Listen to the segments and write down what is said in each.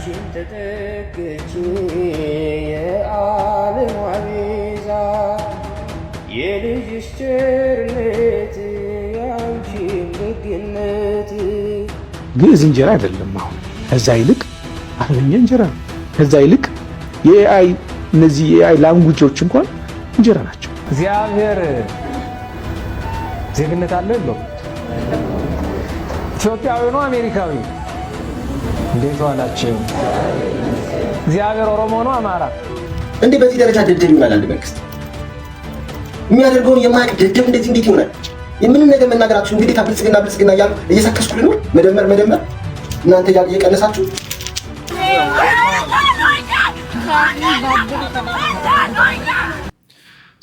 አንቺን ተጠግቼ የዓለም ቤዛ የልጅሽ ቸርነት ግዕዝ እንጀራ አይደለም። አሁን ከዛ ይልቅ አረብኛ እንጀራ ነው። ከዛ ይልቅ የኤአይ እነዚህ የኤአይ ላንጉጆች እንኳን እንጀራ ናቸው። እግዚአብሔር ዜግነት አለው የለው ኢትዮጵያዊ ነው አሜሪካዊ እንዴት ዋላችሁ? እግዚአብሔር ኦሮሞ ነው አማራ እንዴ? በዚህ ደረጃ ደደብ ይባላል? አንድ መንግስት የሚያደርገውን የማያውቅ ደደብ እንደዚህ እንዴት ይሆናል? የምንም ነገር መናገራችሁ እንግዲህ ብልጽግና ብልጽግና እያሉ እየሰከስኩ ነው። መደመር መደመር እናንተ እያሉ እየቀነሳችሁ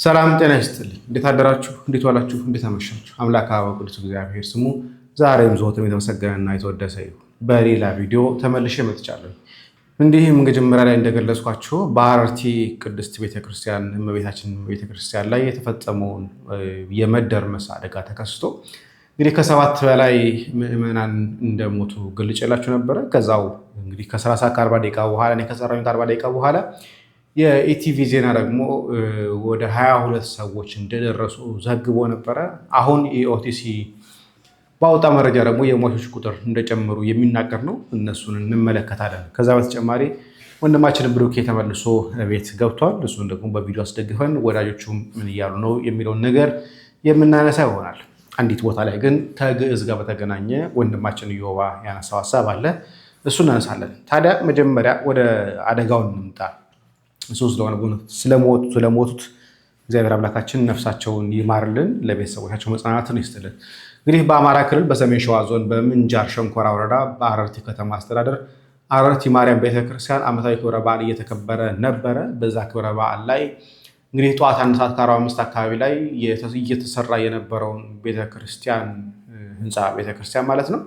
ሰላም ጤና ይስጥልኝ። እንዴት አደራችሁ? እንዴት ዋላችሁ? እንዴት አመሻችሁ? አምላክ አበባ ቅዱስ እግዚአብሔር ስሙ ዛሬም ዘወትም የተመሰገነና የተወደሰ ይሁን። በሌላ ቪዲዮ ተመልሼ መጥቻለሁ። እንዲህም መጀመሪያ ላይ እንደገለጽኳችሁ በአረርቲ ቅድስት ቤተክርስቲያን እመቤታችን ቤተክርስቲያን ላይ የተፈጸመውን የመደርመስ አደጋ ተከስቶ እንግዲህ ከሰባት በላይ ምዕመናን እንደሞቱ ገልጬላችሁ ነበረ። ከዛው እንግዲህ ከሰላሳ ከአርባ ደቂቃ በኋላ ከሰራሁኝ ከአርባ ደቂቃ በኋላ የኢቲቪ ዜና ደግሞ ወደ ሀያ ሁለት ሰዎች እንደደረሱ ዘግቦ ነበረ። አሁን የኦቲሲ በአውጣ መረጃ ደግሞ የሟቾች ቁጥር እንደጨመሩ የሚናገር ነው። እነሱን እንመለከታለን። ከዛ በተጨማሪ ወንድማችን ብሩኬ ተመልሶ ቤት ገብቷል። እሱን ደግሞ በቪዲዮ አስደግፈን ወዳጆቹ ምን እያሉ ነው የሚለውን ነገር የምናነሳ ይሆናል። አንዲት ቦታ ላይ ግን ከግዕዝ ጋር በተገናኘ ወንድማችን ዮባ ያነሳው ሀሳብ አለ። እሱ እናነሳለን። ታዲያ መጀመሪያ ወደ አደጋውን እንምጣ። እሱ ስለሆነ ስለሞቱት እግዚአብሔር አምላካችን ነፍሳቸውን ይማርልን፣ ለቤተሰቦቻቸው መጽናናትን ይስጥልን። እንግዲህ በአማራ ክልል በሰሜን ሸዋ ዞን በምንጃር ሸንኮራ ወረዳ በአረርቲ ከተማ አስተዳደር አረርቲ ማርያም ቤተክርስቲያን ዓመታዊ ክብረ በዓል እየተከበረ ነበረ። በዛ ክብረ በዓል ላይ እንግዲህ ጠዋት አንድ ሰዓት ከአርባ አምስት አካባቢ ላይ እየተሰራ የነበረውን ቤተክርስቲያን ህንፃ ቤተክርስቲያን ማለት ነው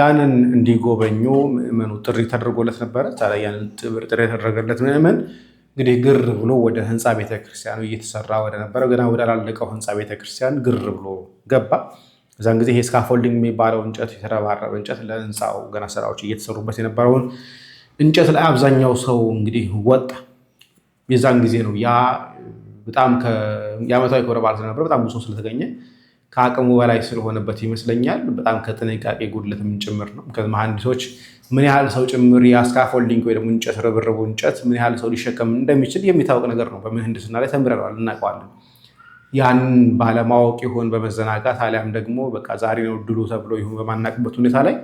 ያንን እንዲጎበኙ ምዕመኑ ጥሪ ተደርጎለት ነበረ። ያንን ጥሪ የተደረገለት ምዕመን እንግዲህ ግር ብሎ ወደ ህንፃ ቤተክርስቲያኑ እየተሰራ ወደነበረ ገና ወደ ህንፃ ቤተክርስቲያን ግር ብሎ ገባ። በዛን ጊዜ ስካፎልዲንግ የሚባለው እንጨት የተረባረበ እንጨት ለህንፃው ገና ስራዎች እየተሰሩበት የነበረውን እንጨት ላይ አብዛኛው ሰው እንግዲህ ወጣ። የዛን ጊዜ ነው ያ በጣም የዓመታዊ ክብረ በዓል ስለነበረ በጣም ብዙ ሰው ስለተገኘ ከአቅሙ በላይ ስለሆነበት ይመስለኛል። በጣም ከጥንቃቄ ጉድለትም ጭምር ነው። መሐንዲሶች ምን ያህል ሰው ጭምር የስካፎልዲንግ ወይ ደግሞ እንጨት ርብርቡ እንጨት ምን ያህል ሰው ሊሸከም እንደሚችል የሚታወቅ ነገር ነው። በምህንድስና ላይ ተምረናል፣ እናውቀዋለን። ያንን ባለማወቅ ይሆን በመዘናጋት አሊያም ደግሞ በቃ ዛሬ ነው ድሉ ተብሎ ይሁን በማናቅበት ሁኔታ ላይ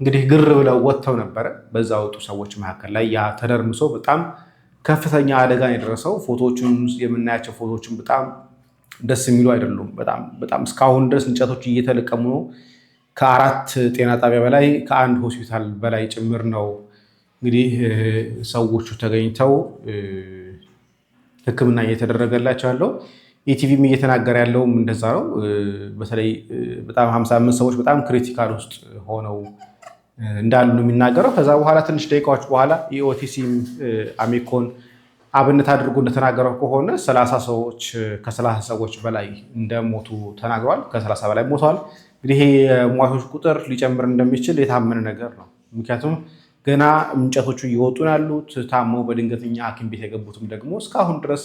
እንግዲህ ግር ብለው ወጥተው ነበረ። በዛ ወጡ ሰዎች መካከል ላይ ያ ተደርምሶ በጣም ከፍተኛ አደጋን የደረሰው ፎቶዎቹን የምናያቸው ፎቶዎችን በጣም ደስ የሚሉ አይደሉም። በጣም በጣም እስካሁን ድረስ እንጨቶች እየተለቀሙ ነው። ከአራት ጤና ጣቢያ በላይ ከአንድ ሆስፒታል በላይ ጭምር ነው እንግዲህ ሰዎቹ ተገኝተው ሕክምና እየተደረገላቸው ያለው። ኢቲቪም እየተናገረ ያለውም እንደዛ ነው። በተለይ በጣም ሀምሳ ሰዎች በጣም ክሪቲካል ውስጥ ሆነው እንዳሉ ነው የሚናገረው ከዛ በኋላ ትንሽ ደቂቃዎች በኋላ የኦቲሲም አሜኮን አብነት አድርጎ እንደተናገረው ከሆነ ሰላሳ ሰዎች ከሰላሳ ሰዎች በላይ እንደሞቱ ተናግረዋል። ከሰላሳ በላይ ሞተዋል። እንግዲህ የሟቾች ቁጥር ሊጨምር እንደሚችል የታመነ ነገር ነው። ምክንያቱም ገና እንጨቶቹ እየወጡ ያሉት ታመው በድንገተኛ ሐኪም ቤት የገቡትም ደግሞ እስካሁን ድረስ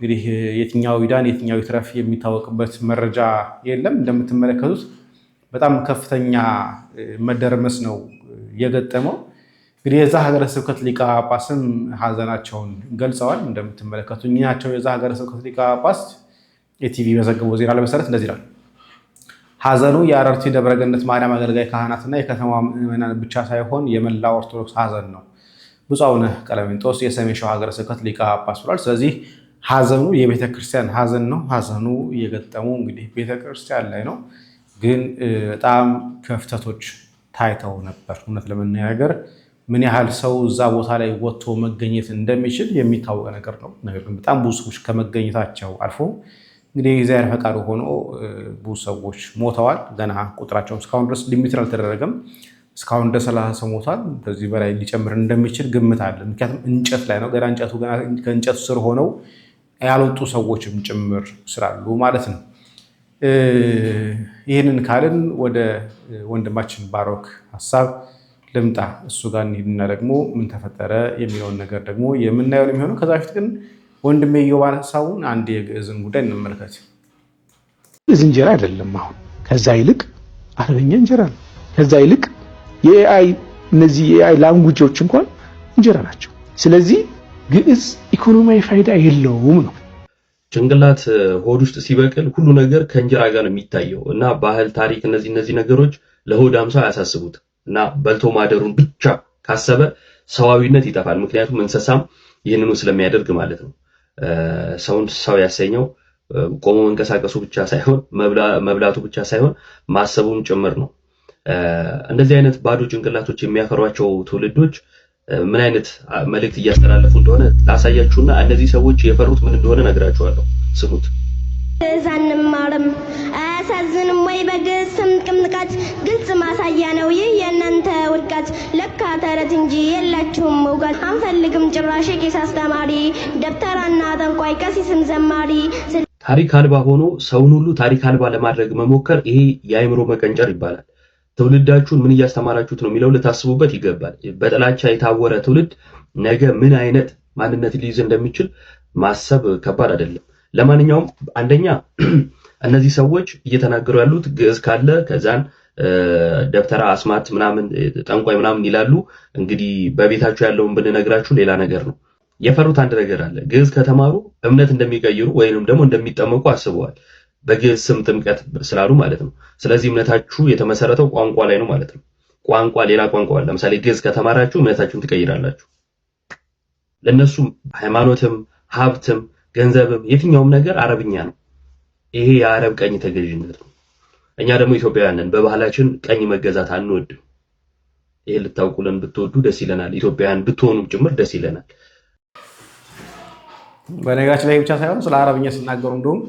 እንግዲህ የትኛው ይዳን የትኛው ይትረፍ የሚታወቅበት መረጃ የለም። እንደምትመለከቱት በጣም ከፍተኛ መደረመስ ነው የገጠመው። እንግዲህ የዛ ሀገረ ስብከት ሊቀ ጳጳስም ሀዘናቸውን ገልጸዋል። እንደምትመለከቱ እኚህ ናቸው የዛ ሀገረ ስብከት ሊቀ ጳጳስ። የቲቪ በዘገበው ዜና ለመሰረት እንደዚህ ይላል። ሀዘኑ የአረርቲ ደብረገነት ማርያም አገልጋይ ካህናትና የከተማ ምዕመናን ብቻ ሳይሆን የመላው ኦርቶዶክስ ሀዘን ነው። ብፁዕ አቡነ ቀለሜንጦስ የሰሜን ሸዋ ሀገረ ስብከት ሊቀ ጳጳስ ብሏል። ስለዚህ ሀዘኑ የቤተ ክርስቲያን ሀዘን ነው። ሀዘኑ እየገጠሙ እንግዲህ ቤተ ክርስቲያን ላይ ነው። ግን በጣም ክፍተቶች ታይተው ነበር። እውነት ለመነጋገር ምን ያህል ሰው እዛ ቦታ ላይ ወጥቶ መገኘት እንደሚችል የሚታወቅ ነገር ነው። ነገር ግን በጣም ብዙ ሰዎች ከመገኘታቸው አልፎ እንግዲህ የእግዚአብሔር ፈቃድ ሆኖ ብዙ ሰዎች ሞተዋል። ገና ቁጥራቸውም እስካሁን ድረስ ሊሚትር አልተደረገም። እስካሁን እንደ ሰላሳ ሰው ሞቷል። በዚህ በላይ ሊጨምር እንደሚችል ግምት አለ። ምክንያቱም እንጨት ላይ ነው ገና እንጨቱ ከእንጨቱ ስር ሆነው ያልወጡ ሰዎችም ጭምር ስላሉ ማለት ነው። ይህንን ካልን ወደ ወንድማችን ባሮክ ሀሳብ ልምጣ። እሱ ጋር እንሂድና ደግሞ ምን ተፈጠረ የሚለውን ነገር ደግሞ የምናየው የሚሆነው። ከዛ በፊት ግን ወንድሜ የባለ ሀሳቡን አንድ የግዕዝን ጉዳይ እንመልከት። እንጀራ አይደለም። አሁን ከዛ ይልቅ አረበኛ እንጀራ ነው። ከዛ ይልቅ የኤአይ እነዚህ የኤአይ ላንጉጆች እንኳን እንጀራ ናቸው። ስለዚህ ግዕዝ ኢኮኖሚያዊ ፋይዳ የለውም ነው። ጭንቅላት ሆድ ውስጥ ሲበቅል ሁሉ ነገር ከእንጀራ ጋር ነው የሚታየው እና ባህል፣ ታሪክ፣ እነዚህ እነዚህ ነገሮች ለሆድ አምሳ አያሳስቡት እና በልቶ ማደሩን ብቻ ካሰበ ሰዋዊነት ይጠፋል። ምክንያቱም እንስሳም ይህንኑ ስለሚያደርግ ማለት ነው። ሰውን ሰው ያሰኘው ቆሞ መንቀሳቀሱ ብቻ ሳይሆን መብላቱ ብቻ ሳይሆን ማሰቡም ጭምር ነው። እንደዚህ አይነት ባዶ ጭንቅላቶች የሚያፈሯቸው ትውልዶች ምን አይነት መልእክት እያስተላለፉ እንደሆነ ላሳያችሁና እነዚህ ሰዎች የፈሩት ምን እንደሆነ ነግራችኋለሁ። ስሙት። ግዕዝ አንማርም አያሳዝንም ወይ? በግዕዝ ስም ግልጽ ማሳያ ነው ይህ የእናንተ ውድቃጭ። ለካ ተረት እንጂ የላችሁም እውቀት። አንፈልግም ጭራሽ ቄስ አስተማሪ፣ ደብተራና ጠንቋይ፣ ቀሲስም ዘማሪ። ታሪክ አልባ ሆኖ ሰውን ሁሉ ታሪክ አልባ ለማድረግ መሞከር ይሄ የአእምሮ መቀንጨር ይባላል። ትውልዳችሁን ምን እያስተማራችሁት ነው የሚለው ልታስቡበት ይገባል። በጥላቻ የታወረ ትውልድ ነገ ምን አይነት ማንነት ሊይዝ እንደሚችል ማሰብ ከባድ አይደለም። ለማንኛውም አንደኛ እነዚህ ሰዎች እየተናገሩ ያሉት ግዕዝ ካለ ከዛን ደብተራ አስማት ምናምን ጠንቋይ ምናምን ይላሉ። እንግዲህ በቤታችሁ ያለውን ብንነግራችሁ ሌላ ነገር ነው። የፈሩት አንድ ነገር አለ። ግዕዝ ከተማሩ እምነት እንደሚቀይሩ ወይንም ደግሞ እንደሚጠመቁ አስበዋል። በግዕዝ ስም ጥምቀት ስላሉ ማለት ነው። ስለዚህ እምነታችሁ የተመሰረተው ቋንቋ ላይ ነው ማለት ነው። ቋንቋ ሌላ ቋንቋ አለ። ለምሳሌ ግዕዝ ከተማራችሁ እምነታችሁን ትቀይራላችሁ። ለእነሱ ሃይማኖትም፣ ሀብትም፣ ገንዘብም የትኛውም ነገር አረብኛ ነው። ይሄ የአረብ ቀኝ ተገዥነት ነው። እኛ ደግሞ ኢትዮጵያውያንን በባህላችን ቀኝ መገዛት አንወድም። ይሄ ልታውቁልን ብትወዱ ደስ ይለናል። ኢትዮጵያውያን ብትሆኑም ጭምር ደስ ይለናል። በነገራችን ላይ ብቻ ሳይሆን ስለ አረብኛ ሲናገሩ እንደውም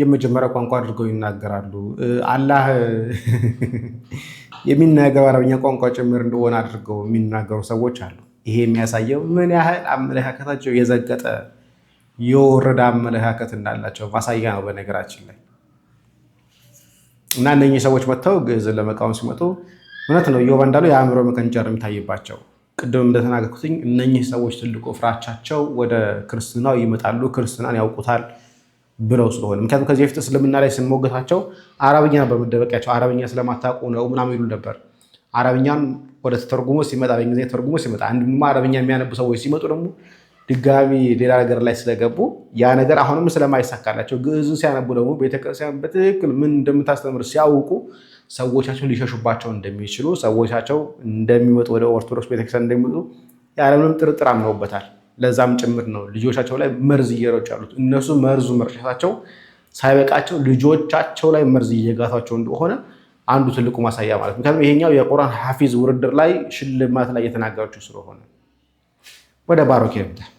የመጀመሪያ ቋንቋ አድርገው ይናገራሉ። አላህ የሚናገረው አረብኛ ቋንቋ ጭምር እንደሆነ አድርገው የሚናገሩ ሰዎች አሉ። ይሄ የሚያሳየው ምን ያህል አመለካከታቸው የዘገጠ የወረደ አመለካከት እንዳላቸው ማሳያ ነው። በነገራችን ላይ እና እነኚህ ሰዎች መጥተው ግዝ ለመቃወም ሲመጡ እውነት ነው እዮብ እንዳሉ የአእምሮ መቀንጨር የሚታይባቸው ቅድም እንደተናገርኩትኝ እነኚህ ሰዎች ትልቁ ፍራቻቸው ወደ ክርስትናው ይመጣሉ፣ ክርስትናን ያውቁታል ብለው ስለሆነ ምክንያቱም ከዚህ በፊት እስልምና ላይ ስንሞገታቸው አረብኛ ነበር መደበቂያቸው። አረብኛ ስለማታውቁ ነው ምናምን ይሉ ነበር። አረብኛን ወደ ተተርጉሞ ሲመጣ በእንግሊዝኛ ተርጉሞ ሲመጣ አንድ አረብኛ የሚያነቡ ሰዎች ሲመጡ ደግሞ ድጋሚ ሌላ ነገር ላይ ስለገቡ ያ ነገር አሁንም ስለማይሳካላቸው ግዕዙ ሲያነቡ ደግሞ ቤተክርስቲያን በትክክል ምን እንደምታስተምር ሲያውቁ ሰዎቻቸው ሊሸሹባቸው እንደሚችሉ ሰዎቻቸው እንደሚመጡ ወደ ኦርቶዶክስ ቤተክርስቲያን እንደሚመጡ ያለምንም ጥርጥር አምነውበታል። ለዛም ጭምር ነው ልጆቻቸው ላይ መርዝ እየረጩ ያሉት። እነሱ መርዙ መርሻታቸው ሳይበቃቸው ልጆቻቸው ላይ መርዝ እየጋታቸው እንደሆነ አንዱ ትልቁ ማሳያ ማለት ምክንያቱም ይሄኛው የቁርአን ሐፊዝ ውድድር ላይ ሽልማት ላይ እየተናገረችው ስለሆነ ወደ ባሮክ ይብዳል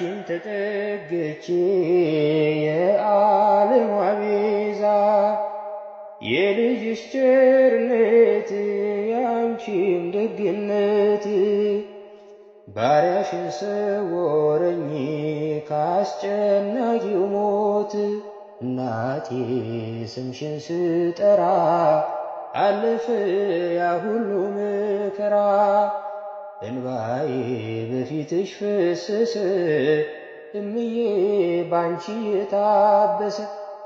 አንቺን ተጠግቼ የዓለም ቤዛ የልጅሽ ቸርነት የአንቺም ደግነት ባሪያሽን ሰወረኝ ካስጨናቂው ሞት። እናቴ ስምሽን ስጠራ አለፈ ያ ሁሉ መከራ። እንባዬ በፊትሽ ፍስስ እምዬ ባንቺ የታበሰ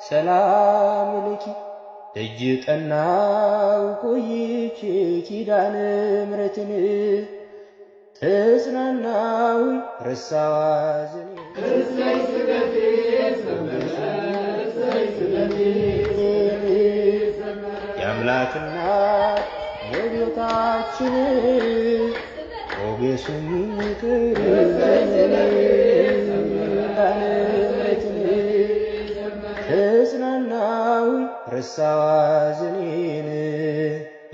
ሰላም ልኪ ደጅ ጠናው ቆይቼ ኪዳነ ምሕረትን ተጽናናዊ ረሳዋዝን የአምላክና የቤታችን ተጽናናዊ ረሳዋዝኔን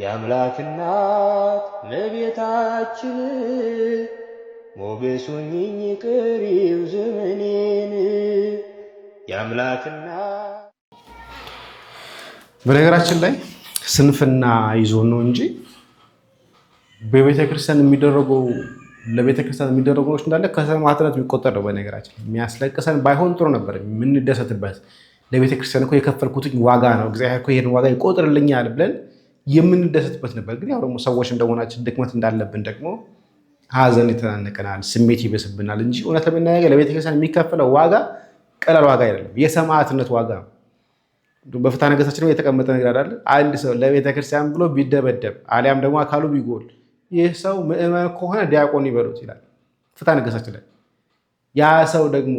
የአምላክናት መቤታችን ሞገሱኝኝ ቅሪው ዘመኔን የአምላክና በነገራችን ላይ ስንፍና ይዞ ነው እንጂ በቤተ ክርስቲያን የሚደረጉ ለቤተ ክርስቲያን የሚደረጉ ኖች እንዳለ ከሰማዕትነት የሚቆጠር ነው። በነገራችን የሚያስለቅሰን ባይሆን ጥሩ ነበር የምንደሰትበት። ለቤተ ክርስቲያን እኮ የከፈልኩትኝ ዋጋ ነው፣ እግዚአብሔር እኮ ይሄን ዋጋ ይቆጥርልኛል ብለን የምንደሰትበት ነበር። ግን ያው ደግሞ ሰዎች እንደሆናችን ድክመት እንዳለብን ደግሞ ሀዘን ይተናነቀናል፣ ስሜት ይበስብናል እንጂ እውነት ለመናገር ለቤተ ክርስቲያን የሚከፈለው ዋጋ ቀላል ዋጋ አይደለም፣ የሰማዕትነት ዋጋ ነው። በፍትሐ ነገሥታችን የተቀመጠ ነገር አይደል? አንድ ሰው ለቤተ ክርስቲያን ብሎ ቢደበደብ አሊያም ደግሞ አካሉ ቢጎል ይህ ሰው ምዕመን ከሆነ ዲያቆን ይበሉት ይላል ፍትሐ ነገሥታችን ላይ። ያ ሰው ደግሞ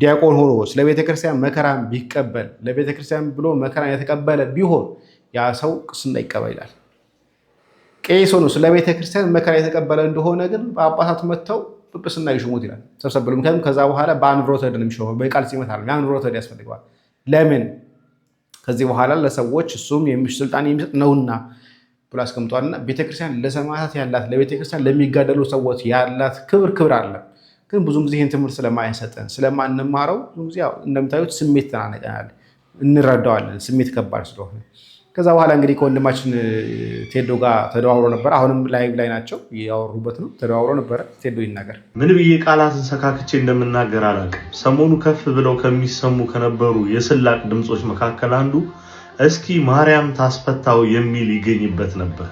ዲያቆን ሆኖ ስለ ቤተክርስቲያን መከራን ቢቀበል ለቤተክርስቲያን ብሎ መከራን የተቀበለ ቢሆን ያ ሰው ቅስና ይቀበል ይላል። ቄስ ሆኖ ስለ ቤተክርስቲያን መከራ የተቀበለ እንደሆነ ግን ጳጳሳት መጥተው ቅስና ይሹሙት ይላል ሰብሰብ ብሎ። ምክንያቱም ከዛ በኋላ በአንብሮተድ እድ ነው የሚሾመው፣ በቃል ሲመት አለ። የአንብሮተድ ያስፈልገዋል። ለምን ከዚህ በኋላ ለሰዎች እሱም ስልጣን የሚሰጥ ነውና ብሎ አስቀምጧልና ቤተክርስቲያን ለሰማዕታት ያላት ለቤተክርስቲያን ለሚጋደሉ ሰዎች ያላት ክብር ክብር አለ። ግን ብዙ ጊዜ ይህን ትምህርት ስለማይሰጠን ስለማንማረው ብዙ ጊዜ እንደምታዩት ስሜት ተናነቀናል፣ እንረዳዋለን። ስሜት ከባድ ስለሆነ ከዛ በኋላ እንግዲህ ከወንድማችን ቴዶ ጋር ተደዋውሮ ነበረ። አሁንም ላይቭ ላይ ናቸው፣ ያወሩበት ነው። ተደዋውሮ ነበረ። ቴዶ ይናገር። ምን ብዬ ቃላትን ሰካክቼ እንደምናገር አላውቅም። ሰሞኑ ከፍ ብለው ከሚሰሙ ከነበሩ የስላቅ ድምፆች መካከል አንዱ እስኪ ማርያም ታስፈታው የሚል ይገኝበት ነበር።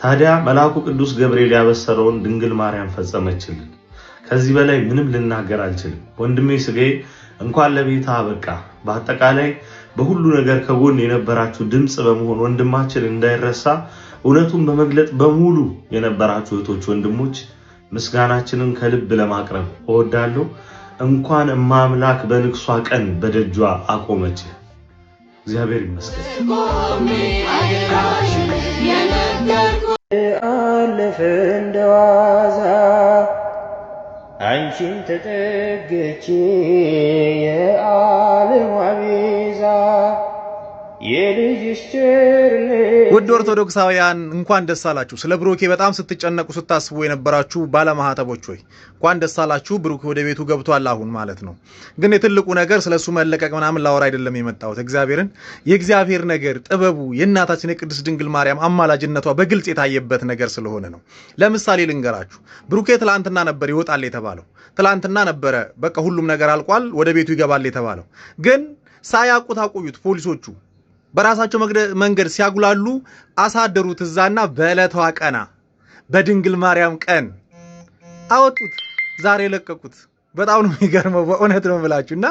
ታዲያ መልአኩ ቅዱስ ገብርኤል ያበሰረውን ድንግል ማርያም ፈጸመችልን። ከዚህ በላይ ምንም ልናገር አልችልም። ወንድሜ ስጋዬ እንኳን ለቤታ አበቃ። በአጠቃላይ በሁሉ ነገር ከጎን የነበራችሁ ድምፅ በመሆን ወንድማችን እንዳይረሳ እውነቱን በመግለጥ በሙሉ የነበራችሁ እህቶች፣ ወንድሞች ምስጋናችንን ከልብ ለማቅረብ እወዳለሁ። እንኳን እማምላክ በንግሷ ቀን በደጇ አቆመች። እግዚአብሔር ይመስገን። አለፈ እንደዋዛ አንቺን ተጠገች የዓለም አቤዛ የልጅሽ ኦርቶዶክሳውያን እንኳን ደስ አላችሁ። ስለ ብሩኬ በጣም ስትጨነቁ ስታስቡ የነበራችሁ ባለማህተቦች ሆይ እንኳን ደስ አላችሁ። ብሩኬ ወደ ቤቱ ገብቷል አሁን ማለት ነው። ግን የትልቁ ነገር ስለ እሱ መለቀቅ ምናምን ላወራ አይደለም የመጣሁት። እግዚአብሔርን የእግዚአብሔር ነገር ጥበቡ፣ የእናታችን የቅድስት ድንግል ማርያም አማላጅነቷ በግልጽ የታየበት ነገር ስለሆነ ነው። ለምሳሌ ልንገራችሁ። ብሩኬ ትላንትና ነበር ይወጣል የተባለው። ትላንትና ነበረ በቃ ሁሉም ነገር አልቋል፣ ወደ ቤቱ ይገባል የተባለው ግን ሳያውቁት አቆዩት ፖሊሶቹ በራሳቸው መንገድ ሲያጉላሉ አሳደሩት እዛና በዕለቷ ቀና በድንግል ማርያም ቀን አወጡት። ዛሬ ለቀቁት። በጣም ነው የሚገርመው። በእውነት ነው ብላችሁ እና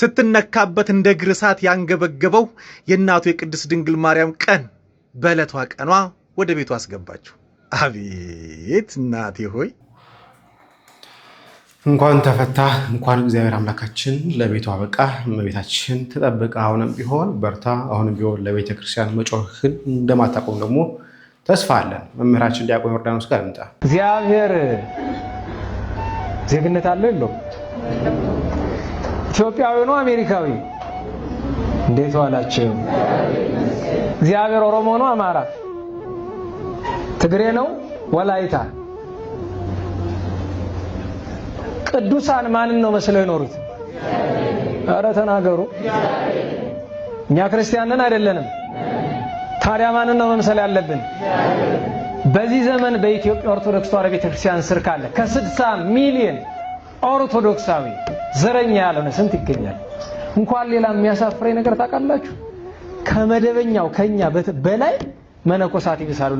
ስትነካበት እንደ እግር እሳት ያንገበገበው የእናቱ የቅድስት ድንግል ማርያም ቀን በዕለቷ ቀኗ ወደ ቤቱ አስገባችሁ። አቤት እናቴ ሆይ እንኳን ተፈታ እንኳን እግዚአብሔር አምላካችን ለቤቷ በቃ እመቤታችን ተጠብቃ አሁንም ቢሆን በርታ፣ አሁንም ቢሆን ለቤተ ክርስቲያን መጮህን እንደማታቆም ደግሞ ተስፋ አለን። መምህራችን ዲያቆን ዮርዳኖስ ጋር እንጣ እግዚአብሔር ዜግነት አለው የለውም? ኢትዮጵያዊ ነው አሜሪካዊ? እንዴት ዋላችሁ? እግዚአብሔር ኦሮሞ ነው አማራ? ትግሬ ነው ወላይታ ቅዱሳን ማንን ነው መስለው የኖሩት? አረ ተናገሩ። እኛ ክርስቲያንን አይደለንም። ታዲያ ማንን ነው መምሰል ያለብን? በዚህ ዘመን በኢትዮጵያ ኦርቶዶክስ ተዋሕዶ ቤተክርስቲያን ስር ካለ ከስድሳ ሚሊዮን ኦርቶዶክሳዊ ዘረኛ ያልሆነ ስንት ይገኛል? እንኳን ሌላ የሚያሳፍረኝ ነገር ታውቃላችሁ? ከመደበኛው ከኛ በላይ መነኮሳት ይብሳሉ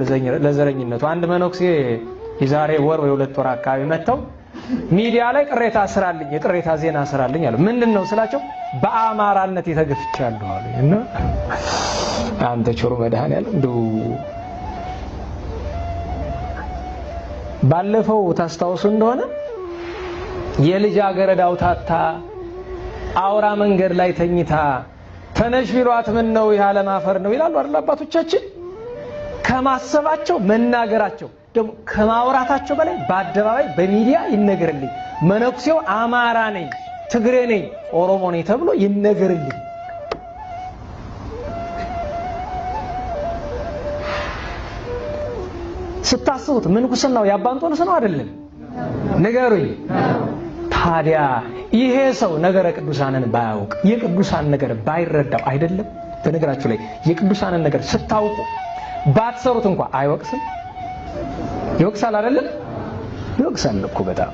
ለዘረኝነቱ። አንድ መነኩሴ የዛሬ ወር ወይ ሁለት ወር አካባቢ መጥተው ሚዲያ ላይ ቅሬታ ስራልኝ የቅሬታ ዜና ስራልኝ አሉ። ምንድን ነው ስላቸው በአማራነት የተገፍቻለሁ አሉ። እና አንተ ቾሮ መድኃኔዓለም እንደው ባለፈው ታስታውሱ እንደሆነ የልጅ አገረድ አውታታ አውራ መንገድ ላይ ተኝታ ተነሽ ቢሏት ምን ነው ይህ ዓለም ነው ይላሉ አይደል አባቶቻችን። ከማሰባቸው መናገራቸው ደግሞ ከማውራታቸው በላይ በአደባባይ በሚዲያ ይነገርልኝ። መነኩሴው አማራ ነኝ፣ ትግሬ ነኝ፣ ኦሮሞ ነኝ ተብሎ ይነገርልኝ። ስታስቡት ምንኩስናው ያባንጦንስ ነው አይደለም? ንገሩኝ። ታዲያ ይሄ ሰው ነገረ ቅዱሳንን ባያውቅ የቅዱሳን ነገር ባይረዳው አይደለም። በነገራችሁ ላይ የቅዱሳንን ነገር ስታውቁ ባትሰሩት እንኳ አይወቅስም። ይወቅሳል አይደለም? ይወቅሳል እኮ በጣም።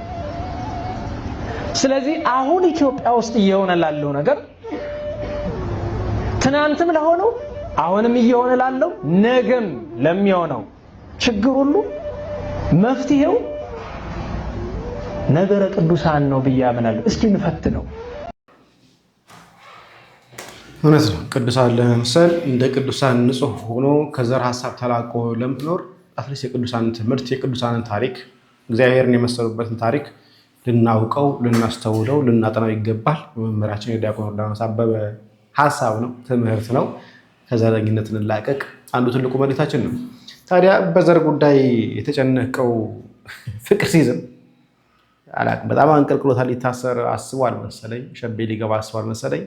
ስለዚህ አሁን ኢትዮጵያ ውስጥ እየሆነ ላለው ነገር ትናንትም ለሆነው አሁንም እየሆነ ላለው ነገም ለሚሆነው ችግር ሁሉ መፍትሄው ነገረ ቅዱሳን ነው ብዬ አምናለሁ። እስኪ እንፈት ነው እውነት ነው። ቅዱሳን ለመምሰል እንደ ቅዱሳን ንጹሕ ሆኖ ከዘር ሀሳብ ተላቆ ለምትኖር አትሊስት የቅዱሳንን ትምህርት የቅዱሳንን ታሪክ እግዚአብሔርን የመሰሉበትን ታሪክ ልናውቀው፣ ልናስተውለው፣ ልናጠናው ይገባል። በመምህራችን የዲያቆን ዮርዳኖስ አበበ ሀሳብ ነው፣ ትምህርት ነው። ከዘረኝነት እንላቀቅ አንዱ ትልቁ መልእክታችን ነው። ታዲያ በዘር ጉዳይ የተጨነቀው ፍቅር ሲዝም በጣም አንቀልቅሎታ ሊታሰር አስቧል መሰለኝ፣ ሸቤ ሊገባ አስቧል መሰለኝ።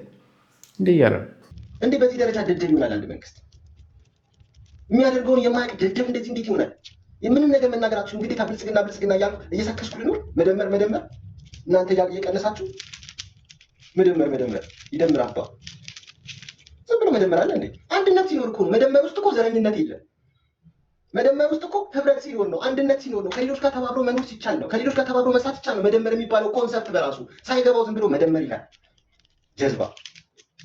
እንዲህ እያለ ነው። እንዲህ በዚህ ደረጃ ድልድል ይሆናል አንድ መንግስት የሚያደርገውን የማያውቅ ደደብ እንደዚህ እንዴት ይሆናል? የምንም ነገር መናገራችሁ እንግዲህ ብልጽግና ብልጽግና እያልኩ እየሰከስኩ ልኖር መደመር መደመር እናንተ እየቀነሳችሁ መደመር መደመር ይደምር አባ ዝም ብሎ መደመር አለ እንዴ? አንድነት ሲኖር እኮ መደመር ውስጥ እኮ ዘረኝነት የለም። መደመር ውስጥ እኮ ህብረት ሲኖር ነው። አንድነት ሲኖር ነው። ከሌሎች ጋር ተባብሮ መኖር ሲቻል ነው። ከሌሎች ጋር ተባብሮ መስራት ሲቻል ነው። መደመር የሚባለው ኮንሰፕት በራሱ ሳይገባው ዝም ብሎ መደመር ይላል። ጀዝባ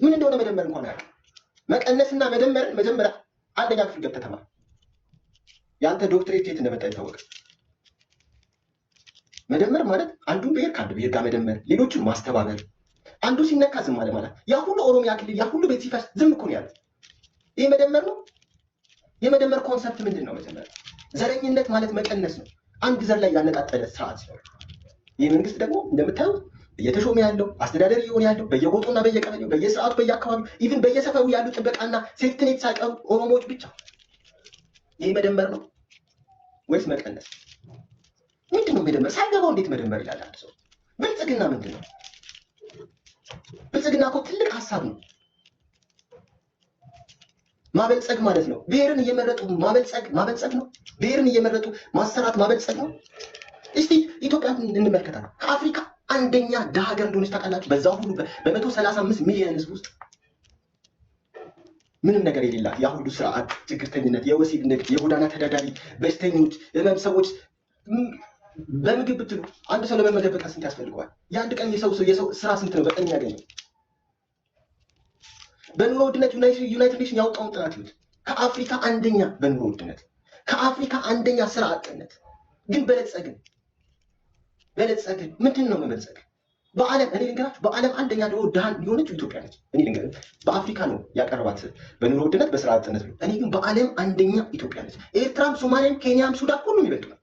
ምን እንደሆነ መደመር እንኳን አያውቅም። መቀነስና መደመርን መጀመሪያ አንደኛ ክፍል ገብተህ ተማር። የአንተ ዶክትሬት የት እንደመጣ ይታወቅ። መደመር ማለት አንዱን ብሄር ከአንዱ ብሄር ጋር መደመር፣ ሌሎችን ማስተባበር፣ አንዱ ሲነካ ዝም አለ ማለት። ያ ሁሉ ኦሮሚያ ክልል ያ ሁሉ ቤት ሲፈርስ ዝም እኮ ነው ያለ። ይህ መደመር ነው? የመደመር ኮንሰፕት ምንድን ነው? መጀመር ዘረኝነት ማለት መቀነስ ነው። አንድ ዘር ላይ ያነጣጠለ ስርዓት ሲኖር፣ ይህ መንግስት ደግሞ እንደምታዩት እየተሾመ ያለው አስተዳደር እየሆነ ያለው በየጎጡና በየቀበሌው በየስርዓቱ በየአካባቢው ኢቭን በየሰፈሩ ያሉ ጥበቃና ሴፍትኔት ሳይቀሩ ኦሮሞዎች ብቻ። ይህ መደመር ነው ወይስ መቀነስ? ምንድን ነው መደመር? ሳይገባው እንዴት መደመር ይላል አንድ ሰው። ብልጽግና ምንድን ነው? ብልጽግና እኮ ትልቅ ሀሳብ ነው። ማበልጸግ ማለት ነው ብሔርን እየመረጡ ማበልጸግ ማበልጸግ ነው። ብሔርን እየመረጡ ማሰራት ማበልጸግ ነው። እስቲ ኢትዮጵያ እንመልከታለን ከአፍሪካ አንደኛ ድሀ ሀገር እንደሆነች ታውቃላችሁ። በዛ ሁሉ በመቶ ሰላሳ አምስት ሚሊዮን ህዝብ ውስጥ ምንም ነገር የሌላት ያ ሁሉ ስርዓት፣ ችግርተኝነት፣ የወሲብ ንግድ፣ የጎዳና ተዳዳሪ፣ በሽተኞች፣ ህመም ሰዎች በምግብ ብትሉ አንድ ሰው ለመመገብ በቃ ስንት ያስፈልገዋል? የአንድ ቀን የሰው የሰው ስራ ስንት ነው በቀን የሚያገኘው? በኑሮ ውድነት ዩናይትድ ኔሽን ያወጣውን ጥናት ይሁት ከአፍሪካ አንደኛ በኑሮ ውድነት ከአፍሪካ አንደኛ ስራ አጥነት ግን በለጸግን። በለጸግን። ምንድን ነው መበልጸግ? በዓለም እኔ ልንገራችሁ፣ በዓለም አንደኛ ድሮ ድሃን የሆነችው ኢትዮጵያ ነች። እኔ ልንገር፣ በአፍሪካ ነው ያቀረባት በኑሮ ውድነት በስራ አጥነት ነው። እኔ ግን በዓለም አንደኛ ኢትዮጵያ ነች። ኤርትራም፣ ሶማሊያም፣ ኬንያም፣ ሱዳን ሁሉም ይበልጡናል።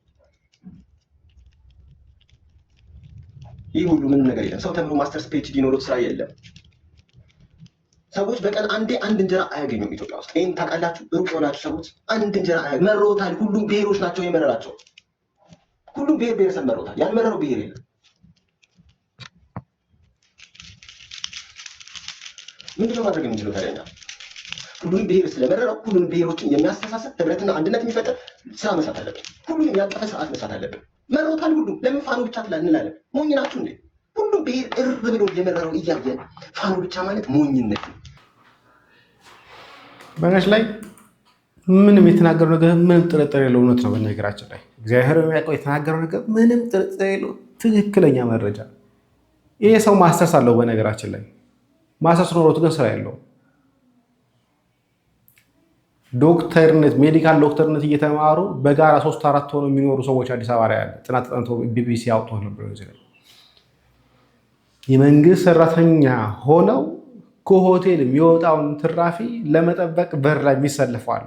ይህ ሁሉ ምንም ነገር የለም። ሰው ተምሮ ማስተርስ ፒኤችዲ ኖሮት ስራ የለም። ሰዎች በቀን አንዴ አንድ እንጀራ አያገኙም ኢትዮጵያ ውስጥ። ይህን ታውቃላችሁ። ሩቅ የሆናችሁ ሰዎች አንድ እንጀራ መሮታል። ሁሉም ብሔሮች ናቸው የመረራቸው። ሁሉም ብሄር ብሄረሰብ መሮታል። ያልመረረው ብሔር የለም። ምንድነው ማድረግ የምንችለው ታዲያ? ሁሉንም ብሔር ስለመረረው ሁሉንም ብሔሮችን የሚያስተሳሰብ ህብረትና አንድነት የሚፈጠር ስራ መስራት አለብን። ሁሉንም ያቀፈ ስርዓት መስራት አለብን። መሮታል ሁሉም። ለምን ፋኖ ብቻ ትላል እንላለን። ሞኝ ናችሁ እንዴ? ሁሉም ብሄር እርብ ብሎ የመረረው እያየን ፋኖ ብቻ ማለት ሞኝነት ነው። በነሽ ላይ ምንም የተናገረው ነገር ምንም ጥርጥር የለው እውነት ነው። በነገራችን ላይ እግዚአብሔር የሚያውቀው የተናገረው ነገር ምንም ጥርጥር የለው ትክክለኛ መረጃ። ይሄ ሰው ማስተርስ አለው። በነገራችን ላይ ማስተርስ ኖሮት ግን ስራ የለው። ዶክተርነት፣ ሜዲካል ዶክተርነት እየተማሩ በጋራ ሶስት አራት ሆነው የሚኖሩ ሰዎች አዲስ አበባ ላይ ያለ ጥናት ጠንቶ ቢቢሲ አውጥቶ ነበር። የመንግስት ሰራተኛ ሆነው ከሆቴል የሚወጣውን ትራፊ ለመጠበቅ በር ላይ የሚሰልፈዋል።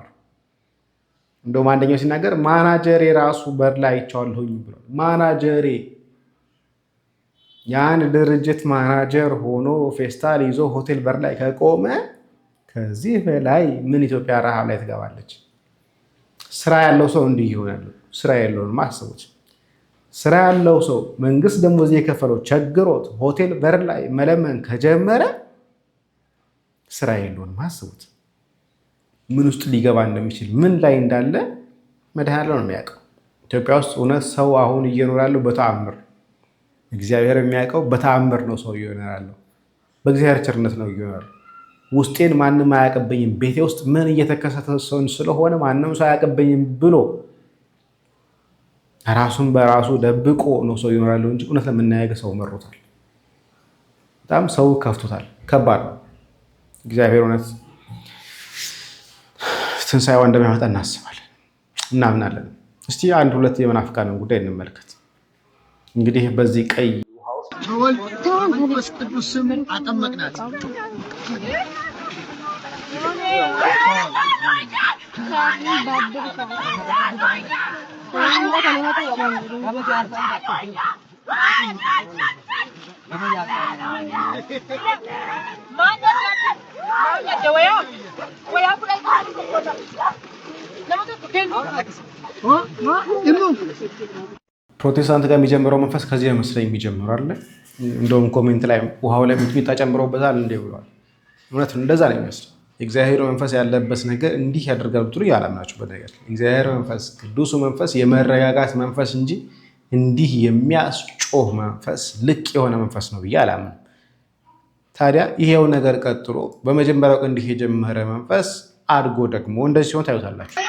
እንደውም አንደኛው ሲናገር ማናጀሬ ራሱ በር ላይ አይቼዋለሁኝ ብሏል። ማናጀሬ ያን ድርጅት ማናጀር ሆኖ ፌስታል ይዞ ሆቴል በር ላይ ከቆመ ከዚህ በላይ ምን ኢትዮጵያ ረሃብ ላይ ትገባለች? ስራ ያለው ሰው እንዲህ ይሆናል። ስራ ያለውን ማሰቦች ስራ ያለው ሰው መንግስት እዚህ የከፈለው ቸግሮት ሆቴል በር ላይ መለመን ከጀመረ ስራ የለውንም። ማሰቦች ምን ውስጥ ሊገባ እንደሚችል ምን ላይ እንዳለ መድኃኔዓለም ነው የሚያውቀው። ኢትዮጵያ ውስጥ እውነት ሰው አሁን እየኖራለሁ በተአምር እግዚአብሔር የሚያውቀው በተአምር ነው። ሰው እየኖረ በእግዚአብሔር ቸርነት ነው እየኖረ ውስጤን ማንም አያውቅብኝም፣ ቤቴ ውስጥ ምን እየተከሰተ ሰውን ስለሆነ ማንም ሰው አያውቅብኝም ብሎ ራሱን በራሱ ደብቆ ነው ሰው ይኖራለሁ እንጂ እውነት ለምናያገ ሰው መሮታል። በጣም ሰው ከፍቶታል። ከባድ ነው። እግዚአብሔር እውነት ትንሣኤዋ እንደሚያመጣ እናስባለን፣ እናምናለን። እስቲ አንድ ሁለት የመናፍቃንን ጉዳይ እንመልከት። እንግዲህ በዚህ ቀይ በወልድ በመንፈስ ቅዱስ ስም አጠመቅናት። ፕሮቴስታንት ጋር የሚጀምረው መንፈስ ከዚህ መስለኝ የሚጀምረው አለ። እንደውም ኮሜንት ላይ ውሃው ላይ ሚጥሚጣ ጨምረውበታል እንደ ብለዋል። እውነት እንደዛ ነው የሚመስለው። እግዚአብሔር መንፈስ ያለበት ነገር እንዲህ ያደርጋል ብትሉ ያላምናችሁ። በነገር እግዚአብሔር መንፈስ ቅዱሱ መንፈስ የመረጋጋት መንፈስ እንጂ እንዲህ የሚያስጮህ መንፈስ ልቅ የሆነ መንፈስ ነው ብዬ አላምንም። ታዲያ ይሄው ነገር ቀጥሎ በመጀመሪያው እንዲህ የጀመረ መንፈስ አድጎ ደግሞ እንደዚህ ሲሆን ታዩታላችሁ።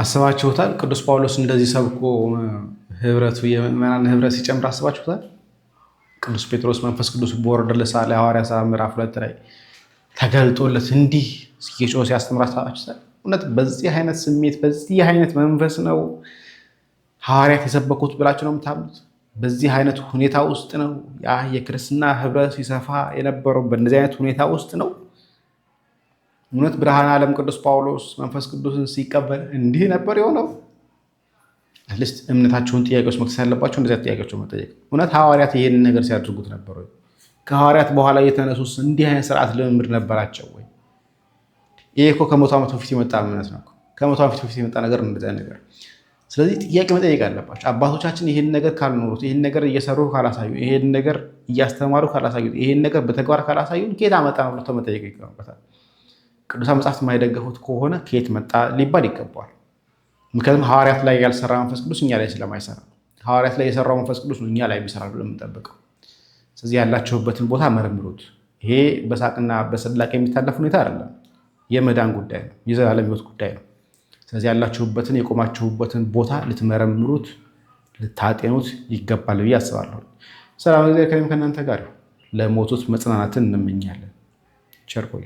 አስባችሁታል? ቅዱስ ጳውሎስ እንደዚህ ሰብኮ ህብረቱ የምዕመናን ህብረት ሲጨምር አስባችሁታል? ቅዱስ ጴጥሮስ መንፈስ ቅዱስ በወረደለት ሰዓት ላይ ሐዋርያ ሥራ ምዕራፍ ሁለት ላይ ተገልጦለት እንዲህ ስኬጮ ሲያስተምር አስባችሁታል? እውነት በዚህ አይነት ስሜት በዚህ አይነት መንፈስ ነው ሐዋርያት የሰበኩት ብላችሁ ነው የምታምኑት? በዚህ አይነት ሁኔታ ውስጥ ነው ያ የክርስትና ህብረት ሲሰፋ የነበረው በእንደዚህ አይነት ሁኔታ ውስጥ ነው እውነት ብርሃን ዓለም ቅዱስ ጳውሎስ መንፈስ ቅዱስን ሲቀበል እንዲህ ነበር የሆነው? ልስ እምነታቸውን ጥያቄዎች መክሰስ ያለባቸው እንደዚያ ጥያቄዎች መጠየቅ። እውነት ሐዋርያት ይህን ነገር ሲያደርጉት ነበር ወይ? ከሐዋርያት በኋላ የተነሱስ እንዲህ አይነት ስርዓት ልምምድ ነበራቸው ወይ? ይህ እኮ ከመቶ ዓመት በፊት የመጣ እምነት ነው። ከመቶ ዓመት በፊት የመጣ ነገር እንደዚያ ነገር። ስለዚህ ጥያቄ መጠየቅ አለባቸው። አባቶቻችን ይህን ነገር ካልኖሩት፣ ይህን ነገር እየሰሩ ካላሳዩ፣ ይህን ነገር እያስተማሩ ካላሳዩ፣ ይህን ነገር በተግባር ካላሳዩ ጌታ መጣ ነው ብሎ መጠየቅ ይገባበታል። ቅዱሳን መጽሐፍት የማይደገፉት ከሆነ ከየት መጣ ሊባል ይገባዋል። ምክንያቱም ሐዋርያት ላይ ያልሰራ መንፈስ ቅዱስ እኛ ላይ ስለማይሰራ ሐዋርያት ላይ የሰራው መንፈስ ቅዱስ እኛ ላይ የሚሰራ ብሎ የምንጠብቀው። ስለዚህ ያላችሁበትን ቦታ መርምሩት። ይሄ በሳቅና በስላቅ የሚታለፍ ሁኔታ አይደለም። የመዳን ጉዳይ ነው፣ የዘላለም ህይወት ጉዳይ ነው። ስለዚህ ያላችሁበትን የቆማችሁበትን ቦታ ልትመረምሩት፣ ልታጤኑት ይገባል ብዬ አስባለሁ። ሰላም ጊዜ እግዚአብሔር ከእናንተ ጋር። ለሞቱት መጽናናትን እንመኛለን። ቸር ቆዩ።